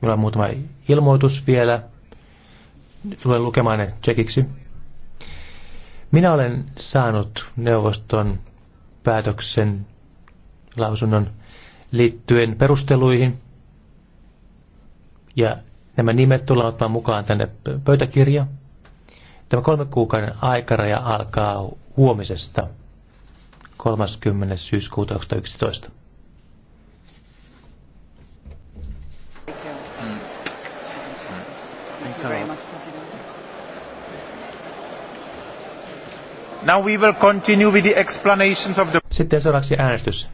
Meillä on muutama ilmoitus vielä. Tulen lukemaan ne tsekiksi. Minä olen saanut neuvoston päätöksen lausunnon liittyen perusteluihin. Ja nämä nimet tullaan ottamaan mukaan tänne pöytäkirja. Tämä kolme kuukauden aikaraja alkaa huomisesta 30. syyskuuta 2011. Thanks very much, President. Now we will continue with the explanations of the... Sitten seuraavaksi äänestys